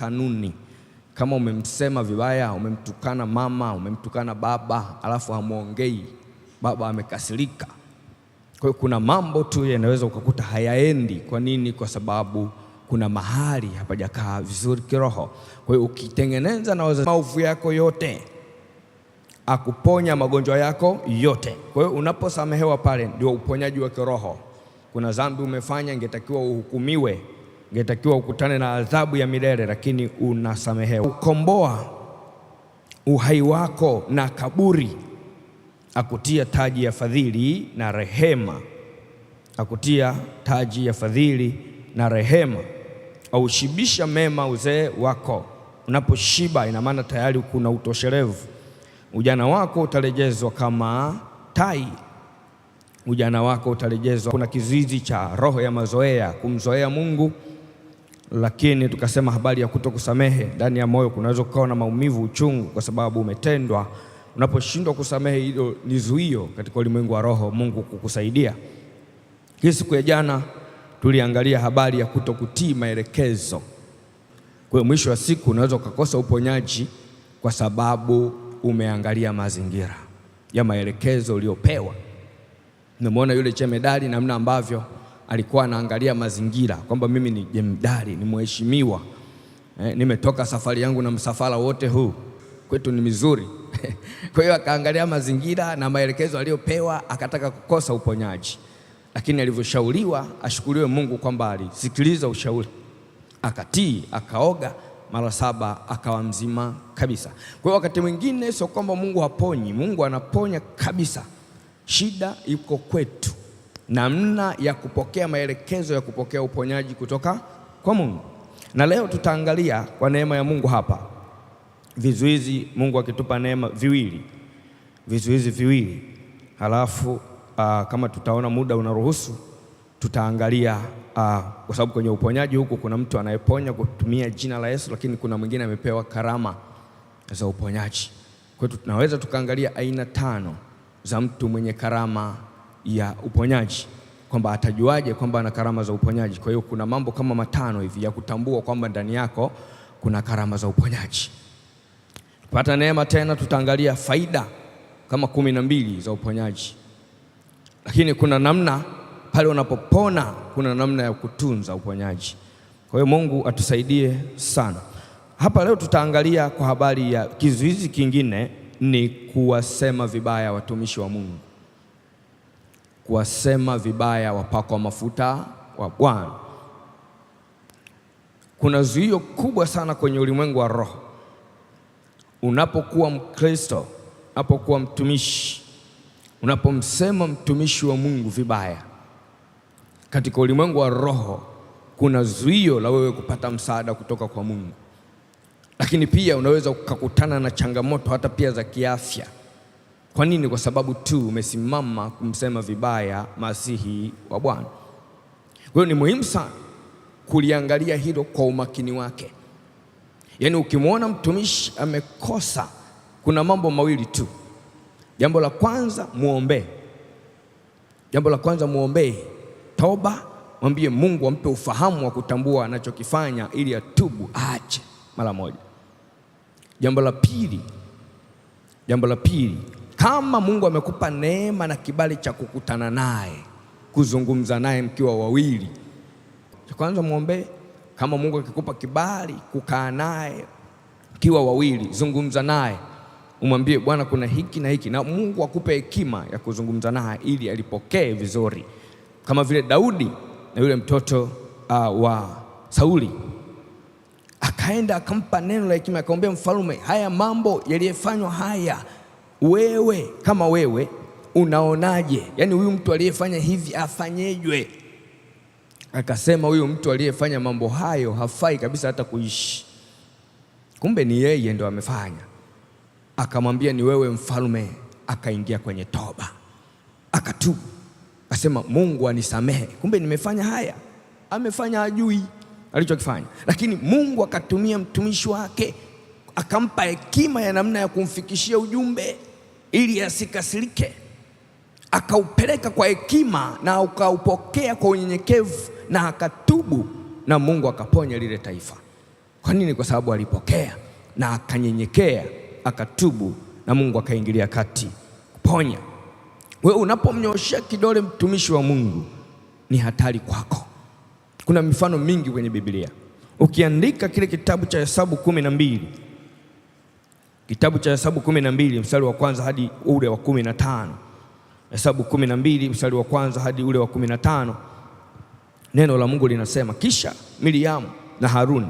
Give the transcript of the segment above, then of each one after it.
kanuni. Kama umemsema vibaya, umemtukana mama, umemtukana baba, alafu hamwongei, baba amekasirika. Kwa hiyo kuna mambo tu yanaweza ukakuta hayaendi. Kwa nini? Kwa sababu kuna mahali hapajakaa vizuri kiroho. Kwa hiyo ukitengeneza na wazazi, maovu yako yote akuponya magonjwa yako yote. Kwa hiyo unaposamehewa pale, ndio uponyaji wa kiroho. Kuna dhambi umefanya, ingetakiwa uhukumiwe ingetakiwa ukutane na adhabu ya milele, lakini unasamehewa. Ukomboa uhai wako na kaburi, akutia taji ya fadhili na rehema, akutia taji ya fadhili na rehema. Aushibisha mema uzee wako. Unaposhiba ina maana tayari kuna utoshelevu. Ujana wako utarejezwa kama tai ujana wako utarejezwa. Kuna kizuizi cha roho ya mazoea, kumzoea Mungu lakini tukasema habari ya kuto kusamehe ndani ya moyo kunaweza kukawa na maumivu, uchungu, kwa sababu umetendwa. Unaposhindwa kusamehe, hilo ni zuio katika ulimwengu wa roho Mungu kukusaidia. Hii siku ya jana tuliangalia habari ya kuto kutii maelekezo. Kwa hiyo mwisho wa siku unaweza ukakosa uponyaji kwa sababu umeangalia mazingira ya maelekezo uliyopewa. Nimeona yule chemedali namna ambavyo alikuwa anaangalia mazingira kwamba mimi ni jemdari, ni mheshimiwa eh, nimetoka safari yangu na msafara wote huu kwetu ni mizuri kwa hiyo akaangalia mazingira na maelekezo aliyopewa, akataka kukosa uponyaji, lakini alivyoshauriwa, ashukuriwe Mungu kwamba alisikiliza ushauri, akatii, akaoga mara saba, akawa mzima kabisa. Kwa hiyo wakati mwingine sio kwamba Mungu haponyi, Mungu anaponya kabisa. Shida iko kwetu namna ya kupokea maelekezo ya kupokea uponyaji kutoka kwa Mungu. Na leo tutaangalia kwa neema ya Mungu hapa vizuizi, Mungu akitupa neema viwili, vizuizi viwili, halafu aa, ah, kama tutaona muda unaruhusu tutaangalia uh, kwa sababu kwenye uponyaji huku kuna mtu anayeponya kutumia jina la Yesu, lakini kuna mwingine amepewa karama za uponyaji. Kwa hiyo tunaweza tukaangalia aina tano za mtu mwenye karama ya uponyaji, kwamba atajuaje kwamba ana karama za uponyaji? Kwa hiyo kuna mambo kama matano hivi ya kutambua kwamba ndani yako kuna karama za uponyaji. Tupata neema tena, tutaangalia faida kama kumi na mbili za uponyaji, lakini kuna namna pale unapopona, kuna namna ya kutunza uponyaji. Kwa hiyo Mungu atusaidie sana. Hapa leo tutaangalia kwa habari ya kizuizi kingine, ni kuwasema vibaya watumishi wa Mungu kuwasema vibaya wapakwa mafuta wa Bwana. Kuna zuio kubwa sana kwenye ulimwengu wa roho. Unapokuwa Mkristo, unapokuwa mtumishi, unapomsema mtumishi wa Mungu vibaya katika ulimwengu wa roho, kuna zuio la wewe kupata msaada kutoka kwa Mungu, lakini pia unaweza ukakutana na changamoto hata pia za kiafya. Kwa nini? Kwa sababu tu umesimama kumsema vibaya masihi wa Bwana. Kwa hiyo ni muhimu sana kuliangalia hilo kwa umakini wake. Yaani, ukimwona mtumishi amekosa, kuna mambo mawili tu. Jambo la kwanza mwombee jambo la kwanza mwombee toba, mwambie Mungu ampe ufahamu wa kutambua anachokifanya ili atubu, aache mara moja. Jambo la pili, jambo la pili kama Mungu amekupa neema na kibali cha kukutana naye, kuzungumza naye mkiwa wawili, kwanza mwombee. Kama Mungu akikupa kibali kukaa naye mkiwa wawili, zungumza naye, umwambie Bwana, kuna hiki na hiki, na Mungu akupe hekima ya kuzungumza naye ili alipokee vizuri, kama vile Daudi na yule mtoto uh, wa Sauli akaenda akampa neno la hekima, akamwambia mfalme, haya mambo yaliyofanywa haya wewe kama wewe unaonaje? Yaani huyu mtu aliyefanya hivi afanyejwe? Akasema huyu mtu aliyefanya mambo hayo hafai kabisa hata kuishi. Kumbe ni yeye ndo amefanya. Akamwambia ni wewe mfalme. Akaingia kwenye toba, akatubu, asema Mungu anisamehe. Kumbe nimefanya haya. Amefanya ajui alichokifanya, lakini Mungu akatumia mtumishi wake akampa hekima ya namna ya kumfikishia ujumbe ili asikasirike, akaupeleka kwa hekima na akaupokea kwa unyenyekevu na akatubu, na Mungu akaponya lile taifa. Kwa nini? Kwa sababu alipokea na akanyenyekea, akatubu na Mungu akaingilia kati kuponya. Wewe unapomnyoshea kidole mtumishi wa Mungu ni hatari kwako. Kuna mifano mingi kwenye Biblia. Ukiandika kile kitabu cha Hesabu kumi na mbili Kitabu cha Hesabu kumi na mbili mstari wa kwanza hadi ule wa kumi na tano Hesabu kumi na mbili mstari wa kwanza hadi ule wa kumi na tano neno la Mungu linasema, kisha Miriamu na Haruni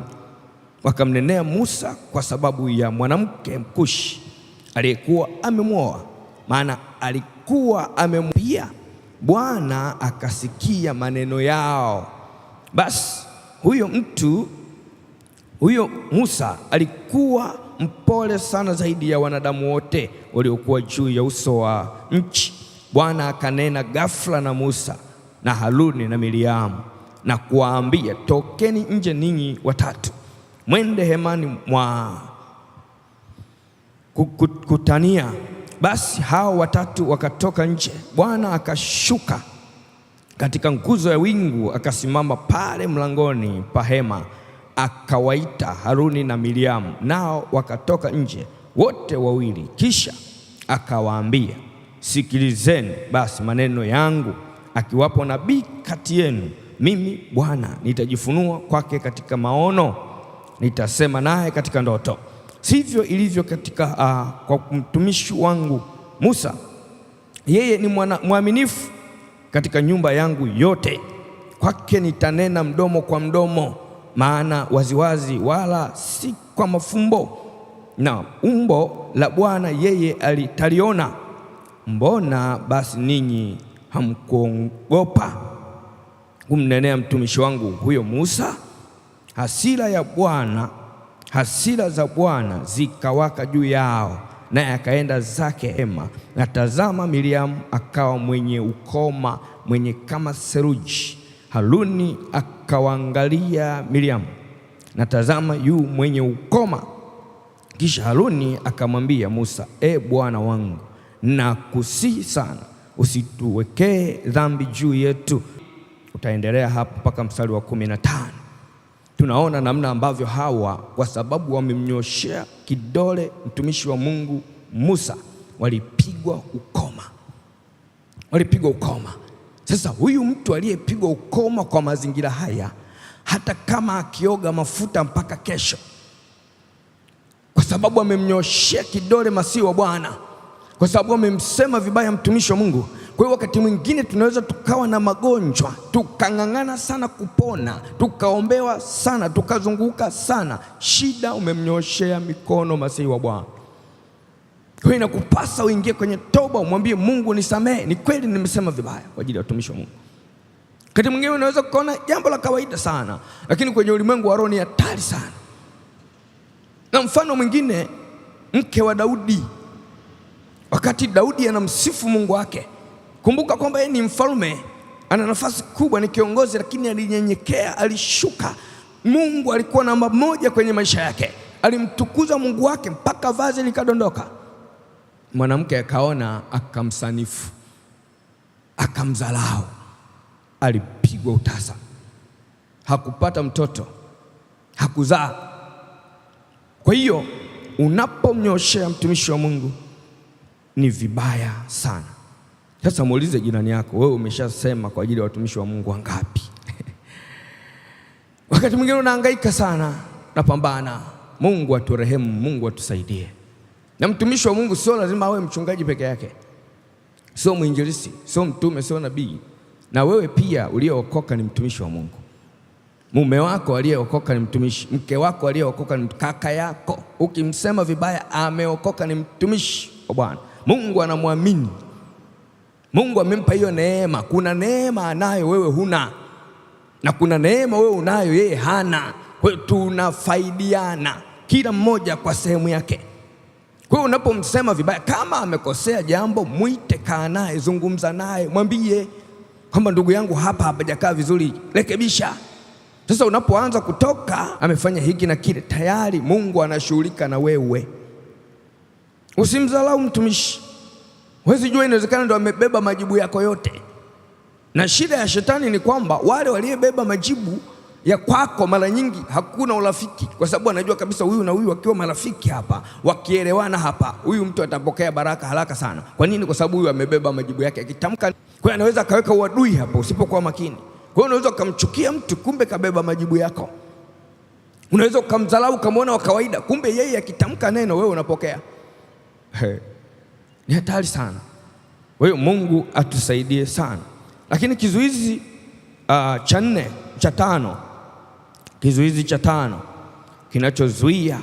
wakamnenea Musa kwa sababu ya mwanamke Mkushi aliyekuwa amemwoa, maana alikuwa amemwambia Bwana akasikia maneno yao. Basi huyo mtu huyo Musa alikuwa mpole sana zaidi ya wanadamu wote waliokuwa juu ya uso wa nchi. Bwana akanena ghafla na Musa na Haruni na Miriamu na kuwaambia, tokeni nje ninyi watatu, mwende hemani mwa kukutania. Basi hao watatu wakatoka nje. Bwana akashuka katika nguzo ya wingu akasimama pale mlangoni pa hema akawaita Haruni na Miriamu, nao wakatoka nje wote wawili. Kisha akawaambia, sikilizeni basi maneno yangu. Akiwapo nabii kati yenu, mimi Bwana nitajifunua kwake katika maono, nitasema naye katika ndoto. Sivyo ilivyo katika uh, kwa mtumishi wangu Musa, yeye ni mwana, mwaminifu katika nyumba yangu yote. Kwake nitanena mdomo kwa mdomo maana waziwazi, wala si kwa mafumbo, na umbo la Bwana yeye alitaliona. Mbona basi ninyi hamkuogopa kumnenea mtumishi wangu huyo Musa? Hasira ya Bwana, hasira za Bwana zikawaka juu yao, naye akaenda zake hema. Na tazama, Miriamu akawa mwenye ukoma, mwenye kama seruji Haruni akawaangalia Miriam, na tazama, yu mwenye ukoma. Kisha Haruni akamwambia Musa, e Bwana wangu, nakusihi sana usituwekee dhambi juu yetu. Utaendelea hapo mpaka mstari wa kumi na tano. Tunaona namna ambavyo hawa kwa sababu wamemnyoshea kidole mtumishi wa Mungu Musa walipigwa ukoma, walipigwa ukoma. Sasa huyu mtu aliyepigwa ukoma kwa mazingira haya, hata kama akioga mafuta mpaka kesho, kwa sababu amemnyoshea kidole masihi wa Bwana, kwa sababu amemsema vibaya mtumishi wa Mungu. Kwa hiyo wakati mwingine tunaweza tukawa na magonjwa tukang'ang'ana sana kupona, tukaombewa sana, tukazunguka sana, shida umemnyoshea mikono masihi wa Bwana. Kwa hiyo inakupasa uingie kwenye toba, umwambie Mungu, nisamehe, ni kweli nimesema vibaya kwa ajili ya watumishi wa Mungu. Kati mwingine unaweza kuona jambo la kawaida sana, lakini kwenye ulimwengu wa roho ni hatari sana. Na mfano mwingine, mke wa Daudi, wakati Daudi anamsifu Mungu wake, kumbuka kwamba yeye ni mfalme, ana nafasi kubwa, ni kiongozi, lakini alinyenyekea, alishuka. Mungu alikuwa namba moja kwenye maisha yake, alimtukuza Mungu wake mpaka vazi likadondoka mwanamke akaona akamsanifu, akamdharau, alipigwa utasa, hakupata mtoto, hakuzaa. Kwa hiyo unapomnyoshea mtumishi wa Mungu ni vibaya sana. Sasa muulize jirani yako, wewe umeshasema kwa ajili ya watumishi wa Mungu wangapi? Wakati mwingine unahangaika sana, napambana. Mungu aturehemu, Mungu atusaidie. Na mtumishi wa Mungu sio lazima awe mchungaji peke yake, sio mwinjilisi sio mtume, sio nabii. Na wewe pia uliyeokoka ni mtumishi wa Mungu. Mume wako aliyeokoka ni mtumishi, mke wako aliyeokoka ni kaka yako. Ukimsema vibaya, ameokoka ni mtumishi wa Bwana Mungu, anamwamini Mungu, amempa hiyo neema. Kuna neema anayo wewe huna, na kuna neema wewe unayo yeye hana. Kwa tunafaidiana kila mmoja kwa sehemu yake. Kwa hiyo unapomsema vibaya, kama amekosea jambo, mwite, kaa naye, zungumza naye, mwambie kwamba ndugu yangu, hapa hapajakaa vizuri, rekebisha. Sasa unapoanza kutoka amefanya hiki na kile, tayari Mungu anashughulika na wewe. Usimdharau mtumishi, huwezi jua, inawezekana ndo amebeba majibu yako yote. Na shida ya shetani ni kwamba wale waliyebeba majibu ya kwako mara nyingi hakuna urafiki, kwa sababu anajua kabisa huyu na huyu wakiwa marafiki hapa, wakielewana hapa, huyu mtu atapokea baraka haraka sana. Kwa nini? Kwa sababu huyu amebeba majibu yake, akitamka. Kwa anaweza akaweka uadui hapo usipokuwa makini. Kwa hiyo unaweza ukamchukia mtu, kumbe kabeba majibu yako. Unaweza ukamdharau ukamwona wa kawaida, kumbe yeye akitamka neno wewe unapokea. ni hatari sana. Kwa hiyo Mungu atusaidie sana, lakini kizuizi uh, cha nne cha tano Kizuizi cha tano kinachozuia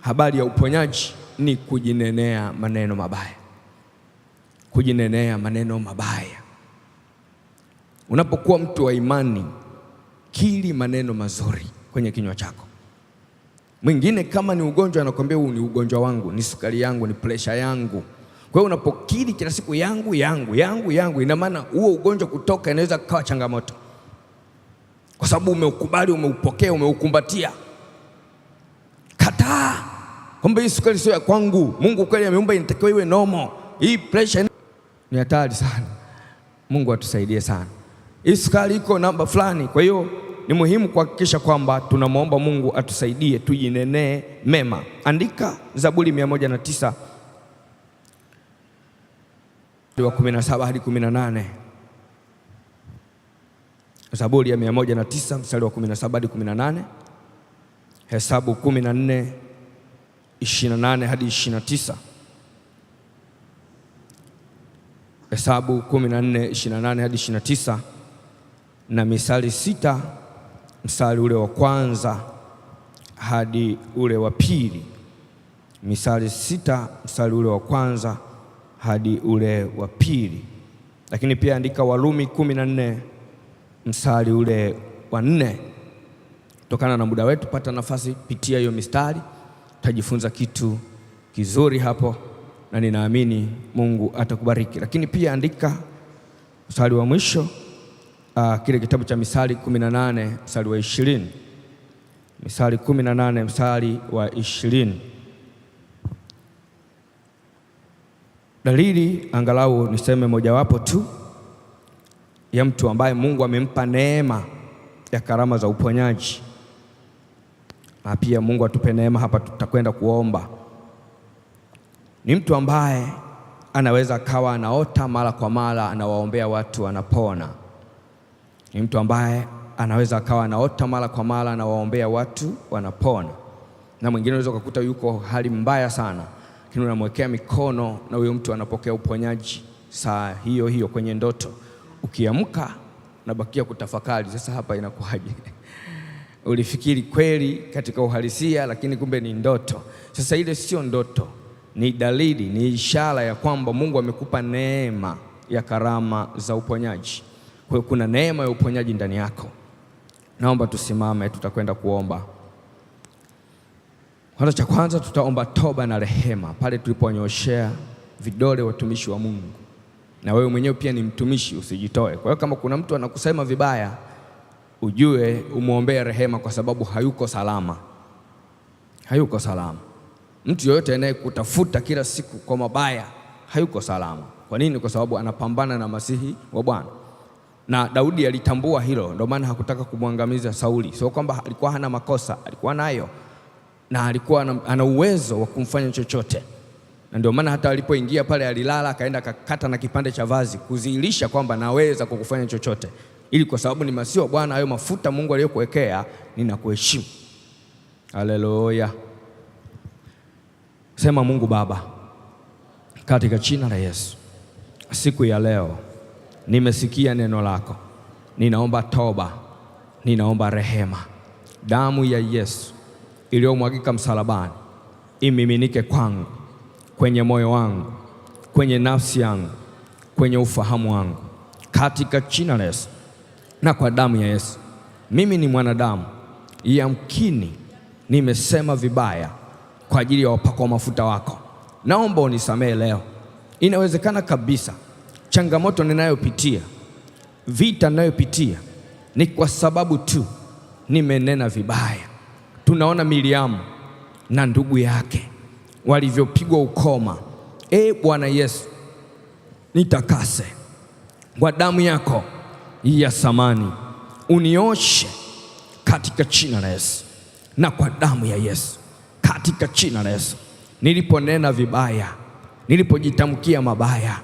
habari ya uponyaji ni kujinenea maneno mabaya. Kujinenea maneno mabaya. Unapokuwa mtu wa imani, kili maneno mazuri kwenye kinywa chako. Mwingine kama ni ugonjwa anakwambia huu ni ugonjwa wangu, ni sukari yangu, ni presha yangu. Kwa hiyo unapokili kila siku yangu yangu yangu yangu, ina maana huo ugonjwa kutoka inaweza kukawa changamoto kwa sababu umeukubali, umeupokea, umeukumbatia. Kataa kwamba hii sukari sio ya kwangu, Mungu kweli ameumba, inatakiwa iwe nomo. Hii pressure ni hatari sana. Mungu atusaidie sana. Hii sukari iko namba fulani, kwa hiyo ni muhimu kuhakikisha kwamba tunamwomba Mungu atusaidie tujinenee mema. Andika Zaburi 109 wa 17 hadi 18. Zaburi ya 109 mstari wa 17 hadi 18, Hesabu 14 28 hadi 29, Hesabu 14 28 hadi 29 na Misali sita mstari ule wa kwanza hadi ule wa pili. Misali sita mstari ule wa kwanza hadi ule wa pili, lakini pia andika Warumi 14 mstari ule wa nne. Kutokana na muda wetu, pata nafasi, pitia hiyo mistari, utajifunza kitu kizuri hapo, na ninaamini Mungu atakubariki. Lakini pia andika mstari wa mwisho uh, kile kitabu cha Misali 18 mstari wa ishirini. Misali 18 mstari wa ishirini. Dalili angalau niseme mojawapo tu ya mtu ambaye Mungu amempa neema ya karama za uponyaji. Na pia Mungu atupe neema hapa, tutakwenda kuomba. Ni mtu ambaye anaweza akawa anaota mara kwa mara, anawaombea watu wanapona. Ni mtu ambaye anaweza akawa anaota mara kwa mara, anawaombea watu wanapona. Na mwingine unaweza ukakuta yuko hali mbaya sana, lakini unamwekea mikono na huyo mtu anapokea uponyaji saa hiyo hiyo kwenye ndoto ukiamka nabakia kutafakari, sasa hapa inakuwaje? Ulifikiri kweli katika uhalisia, lakini kumbe ni ndoto. Sasa ile sio ndoto, ni dalili, ni ishara ya kwamba Mungu amekupa neema ya karama za uponyaji. Kwa hiyo kuna neema ya uponyaji ndani yako. Naomba tusimame, tutakwenda kuomba. Kwanza cha kwanza tutaomba toba na rehema pale tuliponyoshea vidole watumishi wa Mungu na wewe mwenyewe pia ni mtumishi, usijitoe. Kwa hiyo kama kuna mtu anakusema vibaya, ujue umwombee rehema, kwa sababu hayuko salama, hayuko salama. Mtu yoyote anayekutafuta kila siku kwa mabaya hayuko salama. Kwa nini? Kwa sababu anapambana na masihi wa Bwana, na Daudi alitambua hilo, ndio maana hakutaka kumwangamiza Sauli. Sio kwamba alikuwa hana makosa, alikuwa nayo na alikuwa ana uwezo wa kumfanya chochote na ndio maana hata alipoingia pale alilala, akaenda akakata na kipande cha vazi kuziilisha kwamba naweza kukufanya chochote, ili kwa sababu ni masiwa Bwana, hayo mafuta Mungu aliyokuwekea, ninakuheshimu. Haleluya, sema Mungu Baba, katika jina la Yesu, siku ya leo nimesikia neno lako, ninaomba toba, ninaomba rehema. Damu ya Yesu iliyomwagika msalabani imiminike kwangu kwenye moyo wangu, kwenye nafsi yangu, kwenye ufahamu wangu, katika jina la Yesu na kwa damu ya Yesu. Mimi ni mwanadamu, yamkini nimesema vibaya kwa ajili ya wapako wa mafuta wako, naomba unisamehe leo. Inawezekana kabisa changamoto ninayopitia, vita ninayopitia ni kwa sababu tu nimenena vibaya. Tunaona Miriamu na ndugu yake walivyopigwa ukoma. E Bwana Yesu, nitakase kwa damu yako ya samani unioshe katika jina la Yesu na kwa damu ya Yesu katika jina la Yesu. Niliponena vibaya, nilipojitamkia mabaya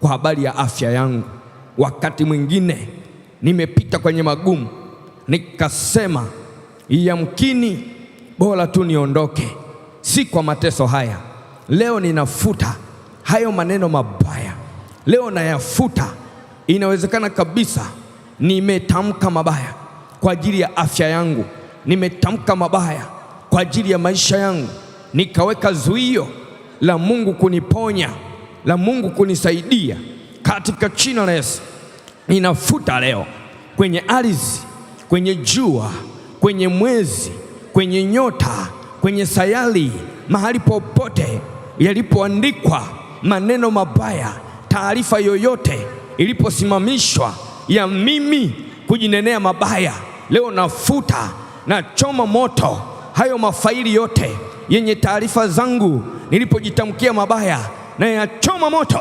kwa habari ya afya yangu, wakati mwingine nimepita kwenye magumu, nikasema yamkini bora tu niondoke si kwa mateso haya. Leo ninafuta hayo maneno mabaya, leo nayafuta. Inawezekana kabisa nimetamka mabaya kwa ajili ya afya yangu, nimetamka mabaya kwa ajili ya maisha yangu, nikaweka zuio la Mungu kuniponya, la Mungu kunisaidia. Katika jina la Yesu ninafuta leo kwenye ardhi, kwenye jua, kwenye mwezi, kwenye nyota kwenye sayari, mahali popote yalipoandikwa maneno mabaya, taarifa yoyote iliposimamishwa ya mimi kujinenea mabaya, leo nafuta na choma moto hayo mafaili yote yenye taarifa zangu nilipojitamkia mabaya, na yachoma moto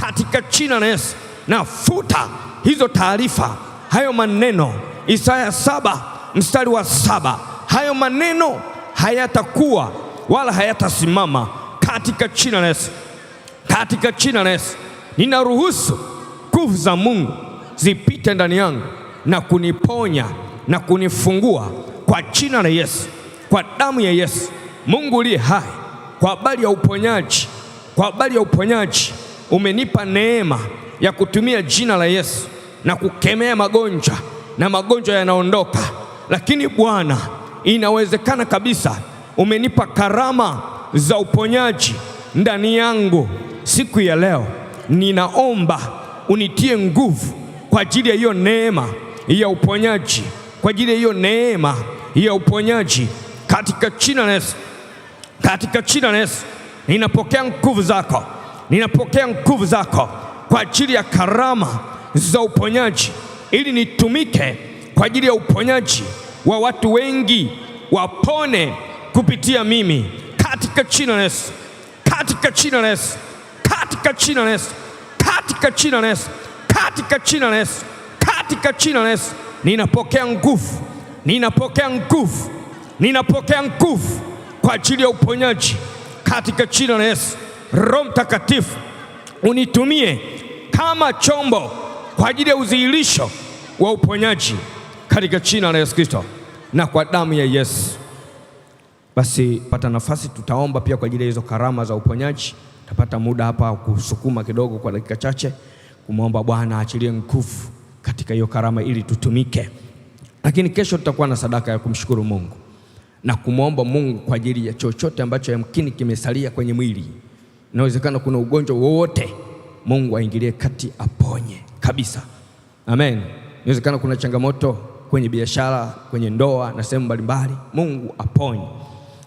katika jina la Yesu. Nafuta hizo taarifa, hayo maneno. Isaya saba mstari wa saba hayo maneno hayatakuwa wala hayatasimama katika jina la Yesu, katika jina la Yesu. Ninaruhusu nguvu za Mungu zipite ndani yangu na kuniponya na kunifungua kwa jina la Yesu, kwa damu ya Yesu. Mungu aliye hai, kwa habari ya uponyaji, kwa habari ya uponyaji, umenipa neema ya kutumia jina la Yesu na kukemea magonjwa na magonjwa yanaondoka, lakini Bwana inawezekana kabisa umenipa karama za uponyaji ndani yangu siku ya leo. Ninaomba unitie nguvu kwa ajili ya hiyo neema ya uponyaji, kwa ajili ya hiyo neema ya uponyaji katika jina la Yesu, katika jina la Yesu. Ninapokea nguvu zako, ninapokea nguvu zako kwa ajili ya karama za uponyaji, ili nitumike kwa ajili ya uponyaji wa watu wengi wapone kupitia mimi katika jina la Yesu, katika jina la Yesu, katika jina la Yesu, katika jina la Yesu, katika jina la Yesu, katika jina la Yesu. Ninapokea nguvu, ninapokea nguvu, ninapokea nguvu kwa ajili ya uponyaji katika jina la Yesu. Roho Mtakatifu unitumie kama chombo kwa ajili ya udhihirisho wa uponyaji katika jina la Yesu Kristo na kwa damu ya Yesu. Basi pata nafasi, tutaomba pia kwa ajili ya hizo karama za uponyaji. Tapata muda hapa kusukuma kidogo kwa dakika chache, kumwomba Bwana aachilie nguvu katika hiyo karama ili tutumike. Lakini kesho tutakuwa na sadaka ya kumshukuru Mungu na kumwomba Mungu kwa ajili ya chochote ambacho yamkini kimesalia kwenye mwili. Inawezekana kuna ugonjwa wowote, Mungu aingilie kati, aponye kabisa. Amen. Inawezekana kuna changamoto kwenye biashara, kwenye ndoa na sehemu mbalimbali. Mungu aponye.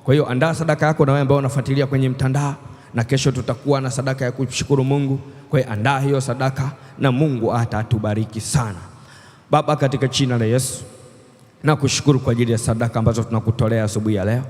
Kwa hiyo andaa sadaka yako, na wewe ambao unafuatilia kwenye mtandao, na kesho tutakuwa na sadaka ya kushukuru Mungu. Kwa hiyo andaa hiyo sadaka na Mungu atatubariki sana. Baba, katika jina la Yesu nakushukuru kwa ajili ya sadaka ambazo tunakutolea asubuhi ya leo,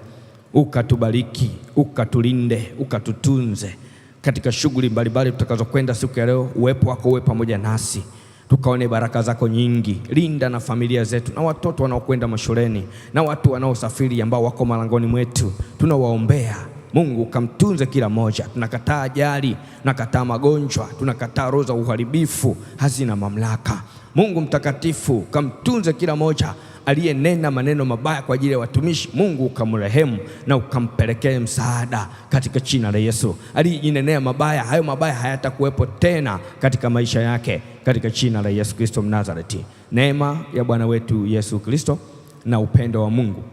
ukatubariki, ukatulinde, ukatutunze katika shughuli mbalimbali tutakazokwenda siku ya leo. Uwepo wako uwe pamoja nasi tukaone baraka zako nyingi. Linda na familia zetu na watoto wanaokwenda mashuleni na watu wanaosafiri ambao wako malangoni mwetu, tunawaombea Mungu kamtunze kila moja. Tunakataa ajali, tunakataa magonjwa, tunakataa roho za uharibifu hazina mamlaka Mungu mtakatifu kamtunze kila moja aliyenena maneno mabaya kwa ajili ya watumishi. Mungu ukamrehemu na ukampelekee msaada katika jina la Yesu. Aliyejinenea mabaya, hayo mabaya hayatakuwepo tena katika maisha yake, katika jina la Yesu Kristo Mnazareti. Neema ya Bwana wetu Yesu Kristo na upendo wa Mungu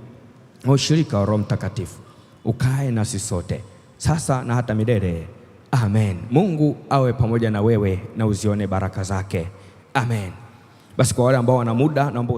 na ushirika wa Roho Mtakatifu ukae nasi sote sasa na hata milele. Amen. Mungu awe pamoja na wewe na uzione baraka zake. Amen. Basi kwa wale ambao wana muda naomba